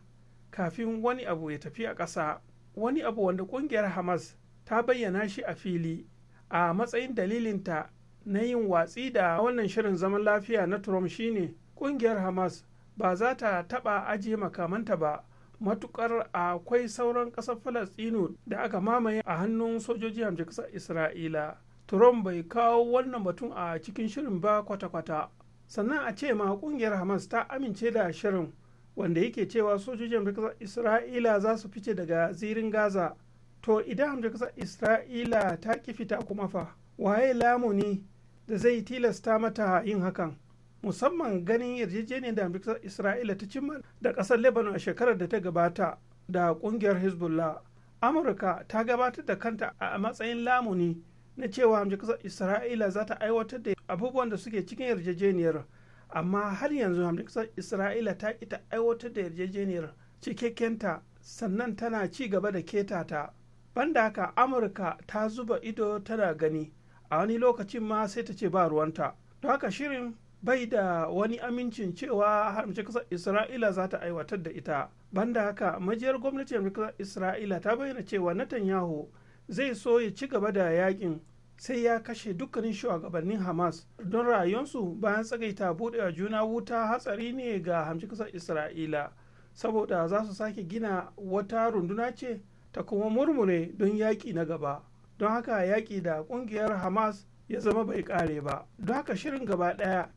kafin wani abu ya tafi a ƙasa wani abu wanda ƙungiyar hamas ta bayyana shi a fili a matsayin dalilinta na yin watsi da wannan shirin zaman lafiya na trump shine ƙungiyar hamas ba za ta taɓa ajiye makamanta ba matukar akwai sauran ƙasar falastinu da aka mamaye a hannun sojoji hamsin isra'ila trump bai kawo wannan batun a cikin shirin ba kwata-kwata sannan a ce ma kungiyar hamas ta amince da shirin wanda yake cewa sojojin amurka isra'ila za su fice daga zirin gaza to idan amurka isra'ila ta ki fita kuma fa waye lamuni da zai tilasta mata yin hakan musamman ganin yarjejeniyar da amurka isra'ila ta cimma da kasar lebanon a shekarar da ta gabata da kungiyar hezbollah amurka ta gabatar da kanta a matsayin lamuni na cewa amshi kasar isra'ila za ta aiwatar da abubuwan da suke cikin yarjejeniyar amma har yanzu hamshin kasar isra'ila ta ita aiwatar da yarjejeniyar cikakkenta sannan tana ci gaba da keta ta banda haka amurka ta zuba ido tana gani a wani lokacin ma sai ta ce ba ruwanta To haka shirin bai da wani amincin cewa haramci kasar isra'ila za ta aiwatar da ita banda haka majiyar gwamnati kasar isra'ila ta bayyana cewa netanyahu zai so ya ci gaba da yakin sai ya kashe dukkanin shugabannin hamas don rayuwarsu bayan tsagaita buɗewa juna wuta hatsari ne ga hamci kasar isra'ila saboda za su sake gina wata runduna ce ta kuma murmure don yaƙi na gaba don haka yaƙi da ƙungiyar hamas ya zama bai ƙare ba don haka shirin gaba ɗaya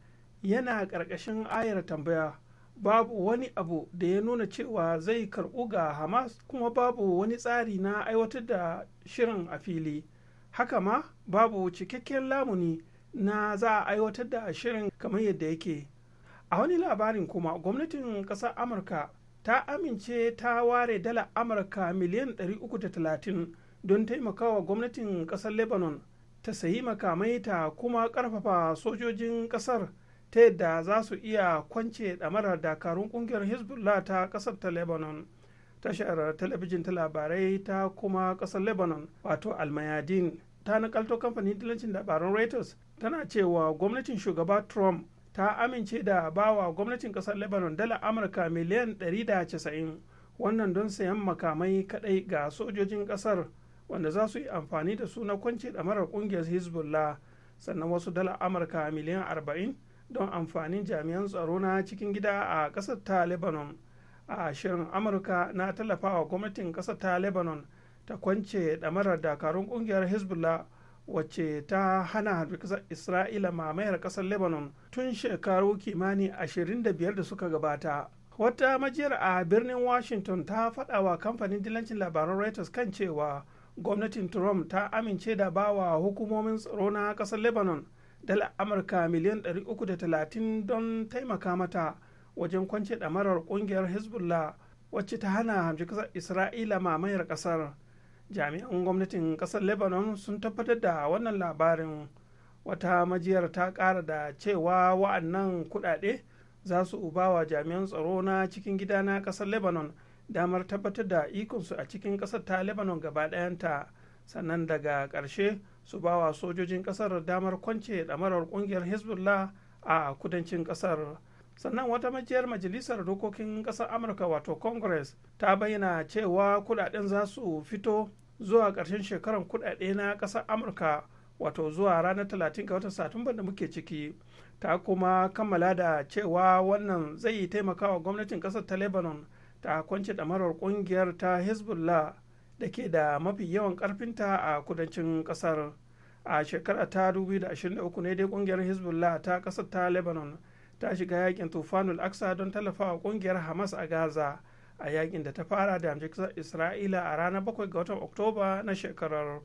yana ƙarƙashin ayar tambaya babu wani abu da ya nuna cewa zai karɓu ga hamas kuma babu wani tsari na aiwatar da shirin a fili haka ma babu cikakken lamuni na za a aiwatar da shirin kamar yadda yake a wani labarin kuma gwamnatin ƙasar amurka ta amince ta ware dala amurka miliyan 330 don taimakawa gwamnatin ƙasar lebanon ta sayi makamai ta kuma ƙarfafa sojojin ƙasar ta yadda za su iya kwance ɗamarar dakarun ƙungiyar hezbollah ta ƙasar ta lebanon tashar talabijin ta labarai ta kuma ƙasar lebanon wato almayadin ta nakalto kamfanin dilancin labaran reuters tana cewa gwamnatin shugaba trump ta amince da bawa gwamnatin ƙasar lebanon dala amurka miliyan 190 wannan don sayan makamai kadai ga sojojin ƙasar wanda za su yi amfani da su na kwance ɗamarar ƙungiyar hezbollah sannan wasu dala amurka miliyan arba'in. don amfanin jami'an tsaro na cikin gida a ƙasar ta lebanon a shirin amurka na tallafawa gwamnatin ƙasar ta lebanon ta kwance ɗamarar dakarun ƙungiyar hezbollah wacce ta hana ƙasar isra'ila mamayar ƙasar lebanon tun shekaru kimani 25 da suka gabata wata majiyar a birnin washington ta faɗa wa kamfanin dilancin labaran reuters kan cewa gwamnatin trump ta amince da bawa hukumomin tsaro na ƙasar lebanon dala amurka miliyan 330 don taimaka mata wajen kwance ɗamarar kungiyar hezbollah wacce ta hana hamshi kasar isra'ila mamayar kasar jami'an gwamnatin kasar lebanon sun tabbatar da wannan labarin wata majiyar ta kara da cewa wa'annan kudade za su wa jami'an tsaro na cikin gida na ƙasar lebanon damar tabbatar da ikonsu a cikin kasar ta lebanon gaba ɗayanta sannan daga ƙarshe su ba wa sojojin kasar damar kwance damarar kungiyar hezbollah a kudancin kasar sannan wata majiyar majalisar dokokin kasar amurka wato congress ta bayyana cewa kudaden za su fito zuwa ƙarshen shekarar kudade na kasar amurka wato zuwa ranar 30 ga watan satumba da muke ciki ta kuma kammala da cewa wannan zai taimakawa gwamnatin kasar ta lebanon ta kwance damarar kungiyar ta hezbollah da ke da mafi yawan karfinta a kudancin kasar a shekara ta 2023 ne dai kungiyar hezbollah ta kasar ta lebanon ta shiga yakin tufanul aksa don tallafawa kungiyar hamas a gaza a yakin da ta fara da isra'ila a ranar 7 ga watan oktoba na shekarar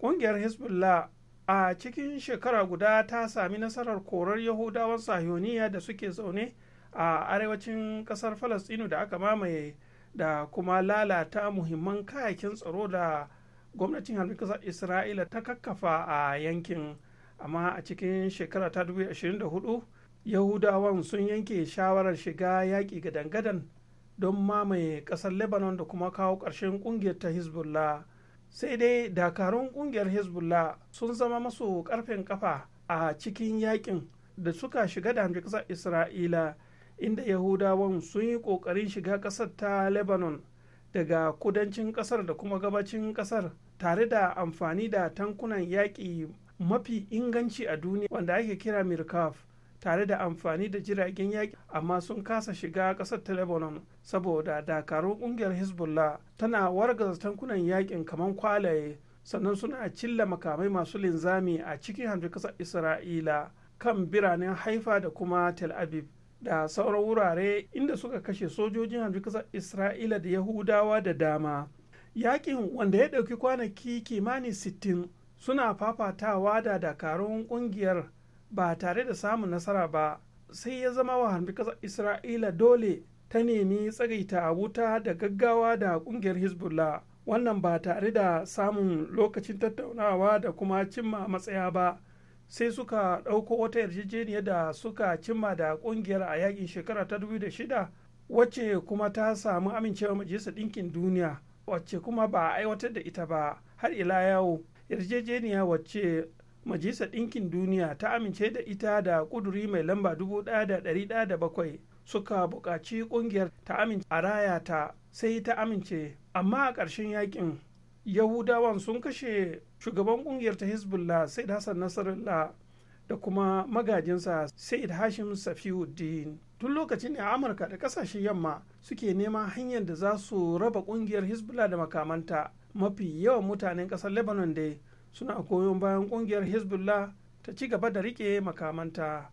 kungiyar hezbollah a cikin shekara guda ta sami nasarar korar yahudawan sahiyoniya da suke zaune a arewacin kasar falastinu da aka mamaye da kuma lalata muhimman kayakin tsaro da gwamnatin harbin kasar isra'ila ta kakkafa a yankin amma a cikin shekara ta 2024 yahudawan sun yanke shawarar shiga yaƙi ga dangadan don mamaye ƙasar lebanon da kuma kawo ƙarshen ƙungiyar ta hezbollah sai dai dakarun ƙungiyar hezbollah sun zama masu ƙarfin kafa a cikin yaƙin da suka shiga da hamji ƙasar isra'ila inda yahudawan sun yi ƙoƙarin shiga ƙasar ta lebanon daga kudancin ƙasar da kuma gabacin ƙasar tare da amfani da tankunan yaƙi mafi inganci a duniya wanda ake kira mirkaf tare da amfani da jiragen yaƙi amma sun kasa shiga ƙasar ta lebanon saboda dakarun ƙungiyar hezbollah tana wargaza tankunan yaƙin kamar kwalaye sannan suna cilla makamai masu linzami a cikin hanzu ƙasar isra'ila kan biranen haifa da kuma tel aviv da sauran wurare inda suka kashe sojojin kasar isra'ila da yahudawa da dama yakin wanda ya ɗauki kwanaki kimanin 60 suna fafatawa da dakarun ƙungiyar ba tare da samun nasara ba sai ya zama wa kasar isra'ila dole ta nemi tsagaita a wuta da gaggawa da ƙungiyar hezbollah wannan ba tare da samun lokacin tattaunawa da kuma cimma matsaya ba sai suka ɗauko wata yarjejeniya da suka cimma da ƙungiyar a yakin shekara ta shida. wacce kuma ta samu amincewa majalisar ɗinkin duniya wacce kuma ba a aiwatar da ita ba har ila yawo yarjejeniya wacce majalisar ɗinkin duniya ta amince da ita da ƙuduri mai lamba 1107 suka buƙaci ƙungiyar ta amince a raya ta sai ta amince amma a ƙarshen yakin yahudawan sun kashe shugaban kungiyar ta hezbollah said hassan nasarallah da kuma magajinsa said hashim safiuddin tun lokacin ne a amurka da kasashen yamma suke neman hanyar da za su raba kungiyar hezbollah da makamanta mafi yawan mutanen kasar lebanon dai suna koyon bayan kungiyar hezbollah ta ci gaba da rike makamanta.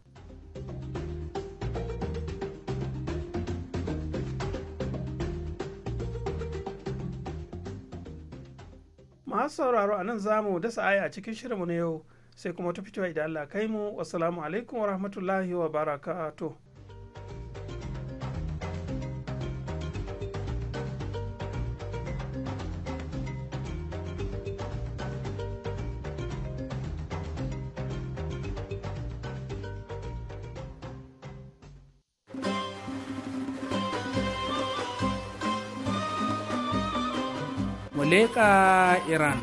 masu sauraro a nan za mu dasa aya a cikin shirinmu na yau sai kuma ta fitowa idan Allah kai mu wasu alaikum wa rahmatullahi wa barakatuh leƙa iran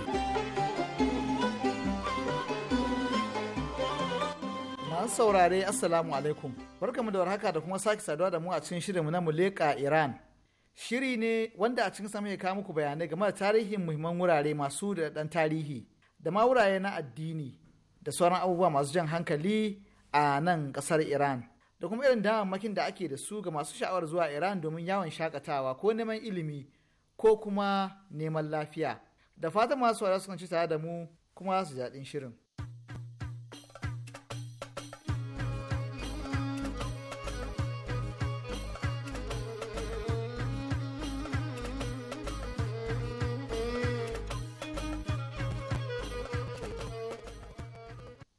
masu saurare assalamu alaikum barkamu da warhaka da kuma sake saduwa da mu a cikin shirinmu na muleka iran shiri ne wanda a cikin sama ya kawo muku bayanai game da tarihin muhimman wurare masu da dan tarihi da ma wurare na addini da sauran abubuwa masu jan hankali a nan kasar iran da kuma irin damammakin da ake da su ga masu sha'awar zuwa iran domin yawon shakatawa ko neman ilimi ko kuma neman lafiya da fatan masu wara sun ci tare da mu kuma su daɗin shirin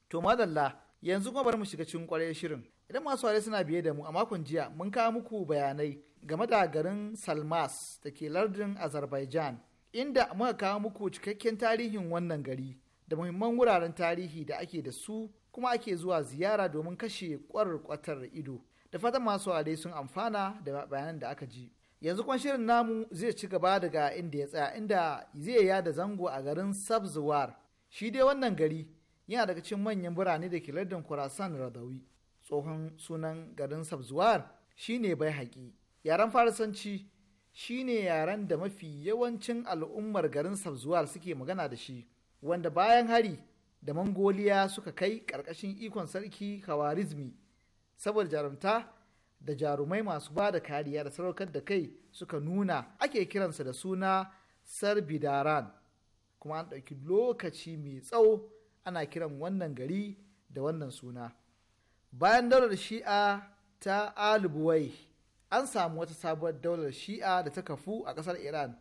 to madalla yanzu kuma bari mu shiga cikin kwarai shirin idan masu ware suna biye da mu a makon jiya mun kawo muku bayanai game da garin salmas da ke lardin azerbaijan inda muka kawo muku cikakken tarihin wannan gari da muhimman wuraren tarihi da ake da su kuma ake zuwa ziyara domin kashe kwarkwatar ido da fatan masu ware sun amfana da bayanan da aka ji yanzu kuma shirin namu zai ci gaba daga inda ya tsaya inda zai yada zango a garin sabzuwar shi dai wannan gari yana daga cikin manyan birane da ke lardin Khorasan Radawi. Tsohon sunan garin Sabzuwar shine bai haƙi. Yaren Farisanci shine yaren da mafi yawancin al'ummar garin Sabzuwar suke magana da shi, wanda bayan hari da Mangoliya suka kai ƙarƙashin ikon sarki Khawarizmi saboda jarumta da jarumai masu ba da kariya da sadaukar da kai suka nuna ake kiransa da suna Sarbidaran kuma an ɗauki lokaci mai tsawo ana kiran wannan gari da wannan suna bayan daular shi'a ta alibuwai an samu wata sabuwar daular shi'a da ta kafu a ƙasar iran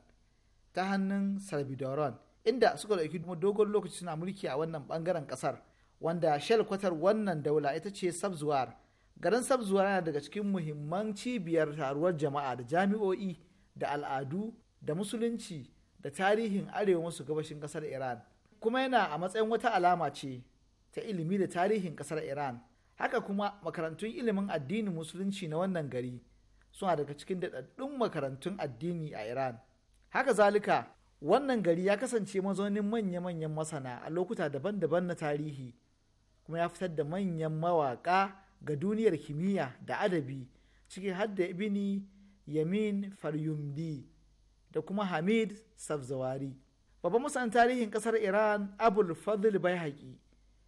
ta hannun sarbidoron inda suka ɗauki dogon lokaci suna mulki a wannan bangaren ƙasar wanda kwatar wannan daula ita ce sabzuwar garin sabzuwar yana daga cikin muhimman cibiyar taruwar jama'a da jami'o'i da al'adu da musulunci da tarihin arewa masu gabashin ƙasar iran kuma yana a matsayin wata alama ce ta ilimi da tarihin ƙasar Iran. Haka kuma makarantun ilimin addinin musulunci na wannan gari suna daga cikin daɗaɗɗun makarantun addini a Iran. Haka zalika wannan gari ya kasance mazaunin manya-manyan masana a lokuta daban-daban na tarihi kuma ya fitar da manyan mawaƙa ga duniyar kimiyya da adabi ciki har da yamin faryumdi da kuma hamid safzawari. babban masanin tarihin kasar iran abul fadl bai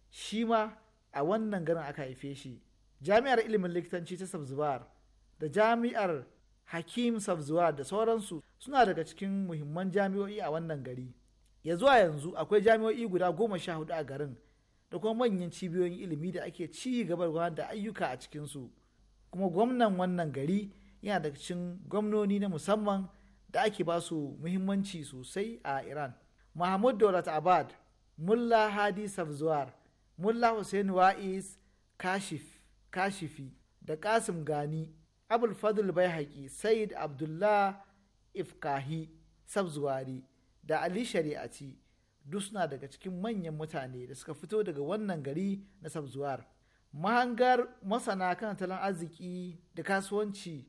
shi ma a wannan garin aka haife shi jami'ar ilimin likitanci ta sabzuwar da jami'ar hakim sabzuwar da sauransu suna daga cikin muhimman jami'o'i a wannan gari ya zuwa yanzu akwai jami'o'i guda goma sha hudu a garin da kuma manyan cibiyoyin ilimi da ake ci gaba da ayyuka a cikinsu kuma gwamnan wannan gari yana daga cikin gwamnoni na musamman da ake ba su muhimmanci sosai a iran mahmud dorat abad mulla hadi safzuwar mulla hussein wa'is kashif kashifi da kasim gani abul fadl bai said abdullah ifkahi sabzuwari da ali shari'aci duk suna daga cikin manyan mutane da suka fito daga wannan gari na sabzuwar mahangar masana kan talan arziki da kasuwanci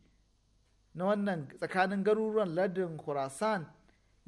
na wannan tsakanin garuruwan lardin khurasan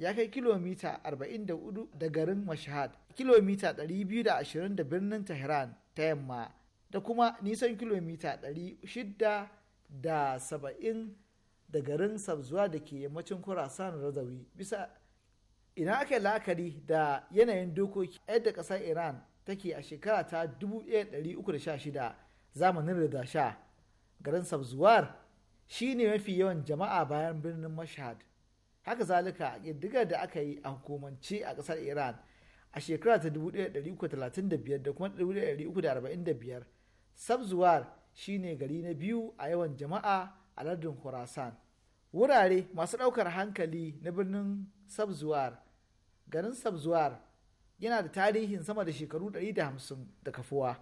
ya kai kilomita 44 da garin mashahad kilomita 220 da birnin tehran ta yamma da kuma nisan kilomita 670 da garin sabzuwa da ke yammacin kurasan razawi bisa ina aka yi la'akari da yanayin dokoki yadda kasar iran take a shekara ta 1316 zamanin rida sha garin sabzuwar shine mafi yawan jama'a bayan birnin mashahad. haka zalika ƙididdigar da aka yi a hukumance a ƙasar iran a shekara ta 1335 da kuma 1345 sabzuwar shine gari na biyu a yawan jama'a a lardin khorasan wurare masu ɗaukar hankali na birnin sabzuwar garin sabzuwar yana da tarihin sama da shekaru 150 da kafuwa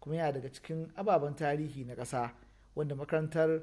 kuma yana daga cikin ababen tarihi na ƙasa wanda makarantar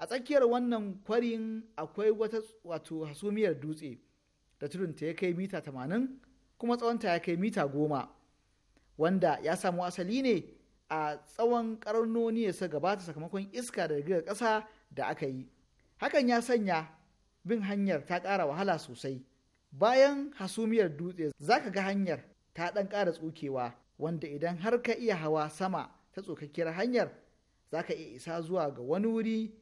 a tsakiyar wannan kwarin akwai wata wato hasumiyar dutse da tudunta ya kai mita tamanin kuma tsawonta ya kai mita goma wanda ya samu asali ne a tsawon karnoni ya gabata sakamakon iska da daga ƙasa da aka yi hakan ya sanya bin hanyar ta ƙara wahala sosai bayan hasumiyar dutse za ka ga hanyar ta ɗan ƙara tsukewa wanda idan har ka iya hawa sama ta tsokakkiyar hanyar za ka iya isa zuwa ga wani wuri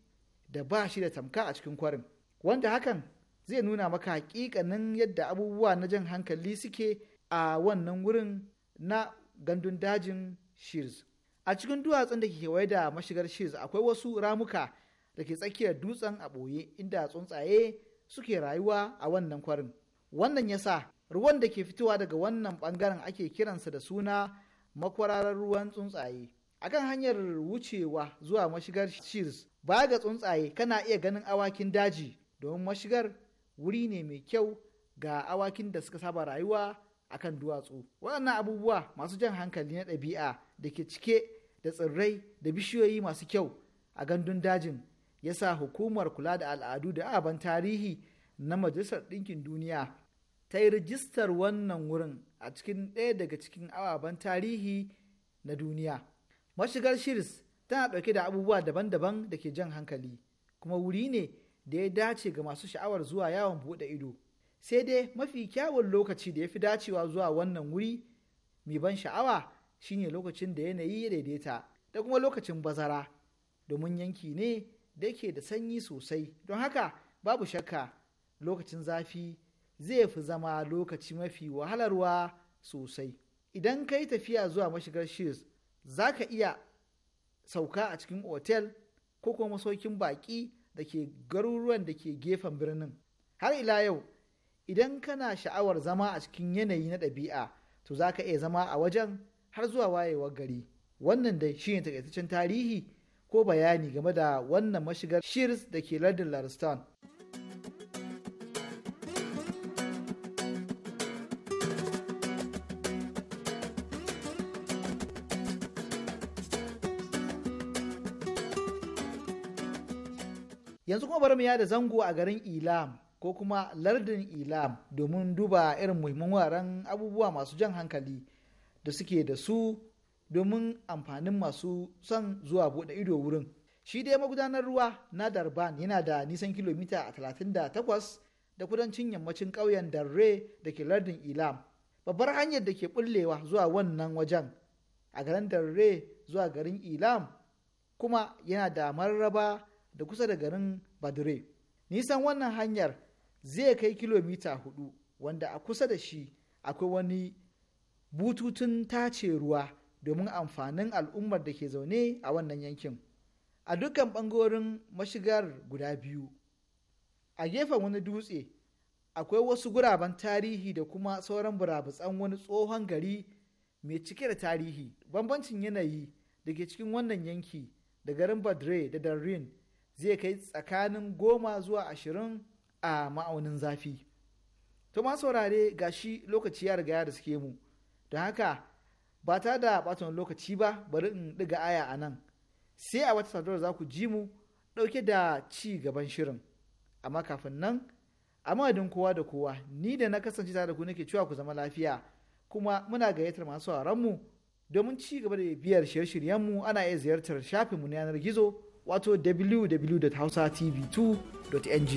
da ba shi da tamka a cikin kwarin wanda hakan zai nuna maka hakikanin yadda abubuwa na jan hankali suke a wannan wurin na gandun dajin shears a cikin duwatsun da ke kewaye da mashigar shears akwai wasu ramuka da ke tsakiyar dutsen a ɓoye inda tsuntsaye suke rayuwa a wannan kwarin wannan yasa ruwan da ke fitowa daga wannan ɓangaren ake kiransa da suna makwararar ruwan tsuntsaye a kan hanyar wucewa zuwa mashigar shears baya ga tsuntsaye kana iya ganin awakin daji domin mashigar wuri ne mai kyau ga awakin da suka saba rayuwa a kan duwatsu waɗannan abubuwa masu jan hankali na ɗabi'a da ke cike da tsirrai da bishiyoyi masu kyau a gandun dajin ya sa hukumar kula da al'adu da aban tarihi na majalisar ɗinkin duniya ta yi rijistar wannan wurin a cikin ɗaya daga cikin ababen tarihi na duniya mashigar shirs tana ɗauke da abubuwa daban-daban da ke jan hankali kuma wuri ne da ya dace ga masu sha'awar zuwa yawon buɗe ido sai dai mafi kyawun lokaci da ya fi dacewa zuwa wannan wuri mai ban sha'awa shine lokacin da yanayi ya daidaita da kuma lokacin bazara domin yanki ne da ke da sanyi sosai don haka babu shakka lokacin zafi zai fi zama lokaci mafi wahalarwa sosai idan ka tafiya zuwa mashigar shirs za ka iya sauka a cikin otel ko kuma masaukin baƙi da ke garuruwan da ke gefen birnin har ila yau idan kana sha'awar zama a cikin yanayi na ɗabi'a to za ka iya zama a wajen har zuwa wayewar gari wannan da shi ne takaitaccen tarihi ko bayani game da wannan mashigar shears da ke lardin laristan yanzu kuma bari mu yada zango a garin ilam ko kuma lardin ilam domin duba irin muhimman wuraren abubuwa masu jan hankali da suke da su domin amfanin masu son zuwa bude ido wurin shi dai magudanar ruwa na darban yana da nisan kilomita 38 da kudancin yammacin ƙauyen darre da ke lardin ilam babbar hanyar da ke bullewa zuwa wannan wajen a garin darre zuwa garin ilam kuma yana da mararraba da kusa da garin badire nisan wannan hanyar zai kai kilomita hudu wanda a kusa da shi akwai wani bututun tace ruwa domin amfanin al'ummar da ke zaune a wannan yankin a dukkan bangorin mashigar guda biyu a gefen wani dutse akwai wasu guraben tarihi da kuma sauran burabutsan wani tsohon gari mai cike da tarihi bambancin yanayi da ke cikin wannan yanki da garin badre da darin zai kai tsakanin goma zuwa ashirin a ma'aunin zafi to ma saurare ga shi lokaci ya riga da suke mu don haka ba ta da batun lokaci ba bari in ɗiga aya a nan sai a wata sadarwa za ku ji mu ɗauke da ci gaban shirin amma kafin nan a madadin kowa da kowa ni da na kasance tare da ku nake cewa ku zama lafiya kuma muna gayyatar masu mu domin ci gaba da biyar shirye shiryen mu, ana iya ziyartar shafinmu na yanar gizo wato www.hausatv2.ng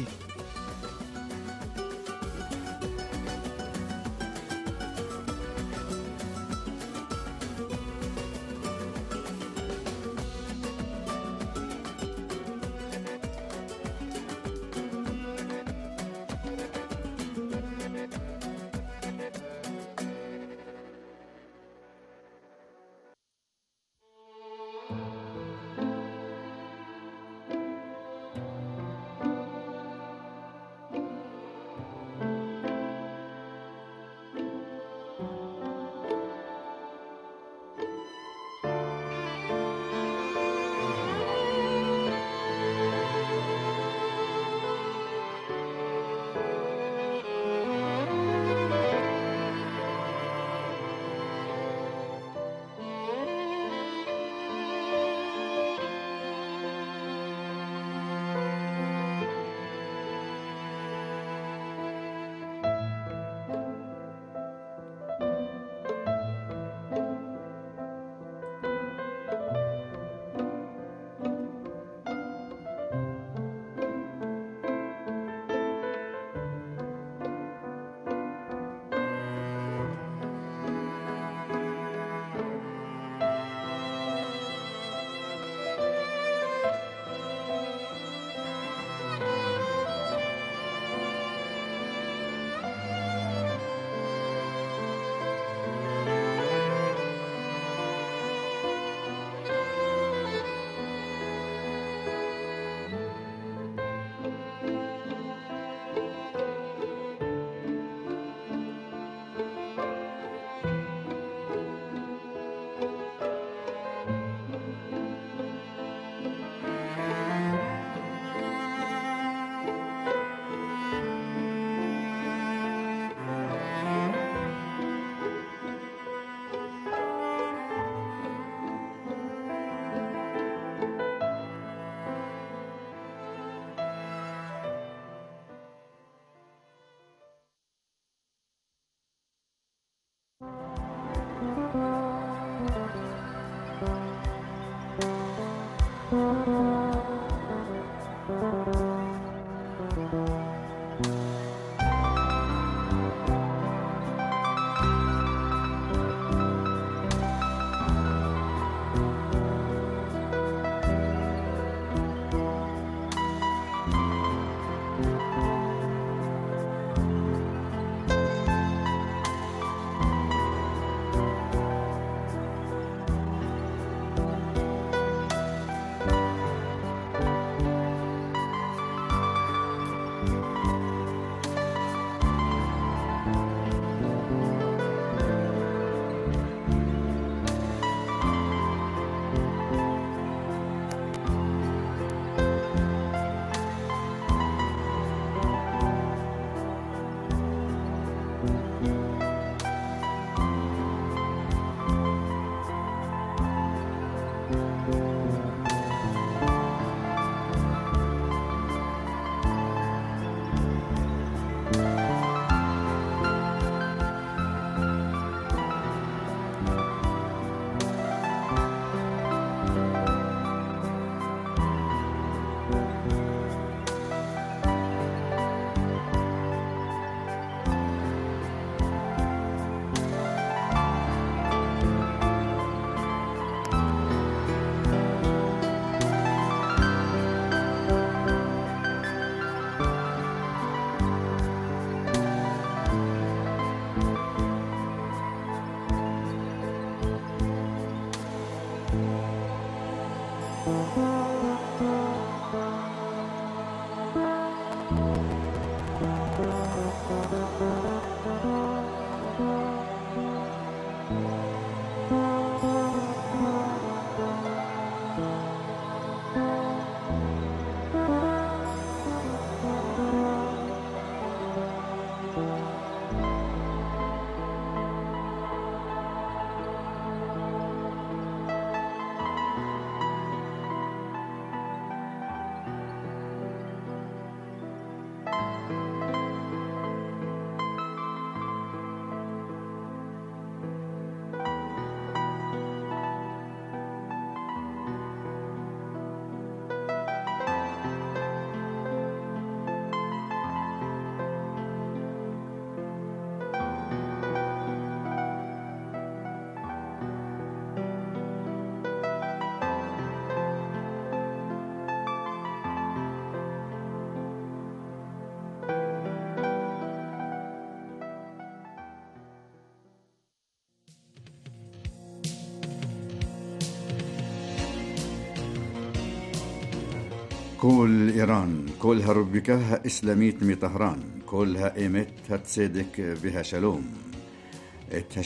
كل إيران كلها ربكها إسلاميت مي طهران كلها إيمت هتصدق بها شلوم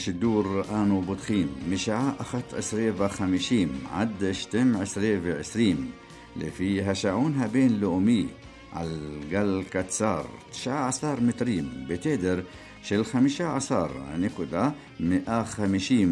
الدور آنو بدخيم مشاع أخت أسري وخمشيم عد شتم أسري وعسريم لفي هشعونها بين لومي على قل كتسار تشاع عصار متريم بتدر شل خمشة عصار نكودا مئة خمشيم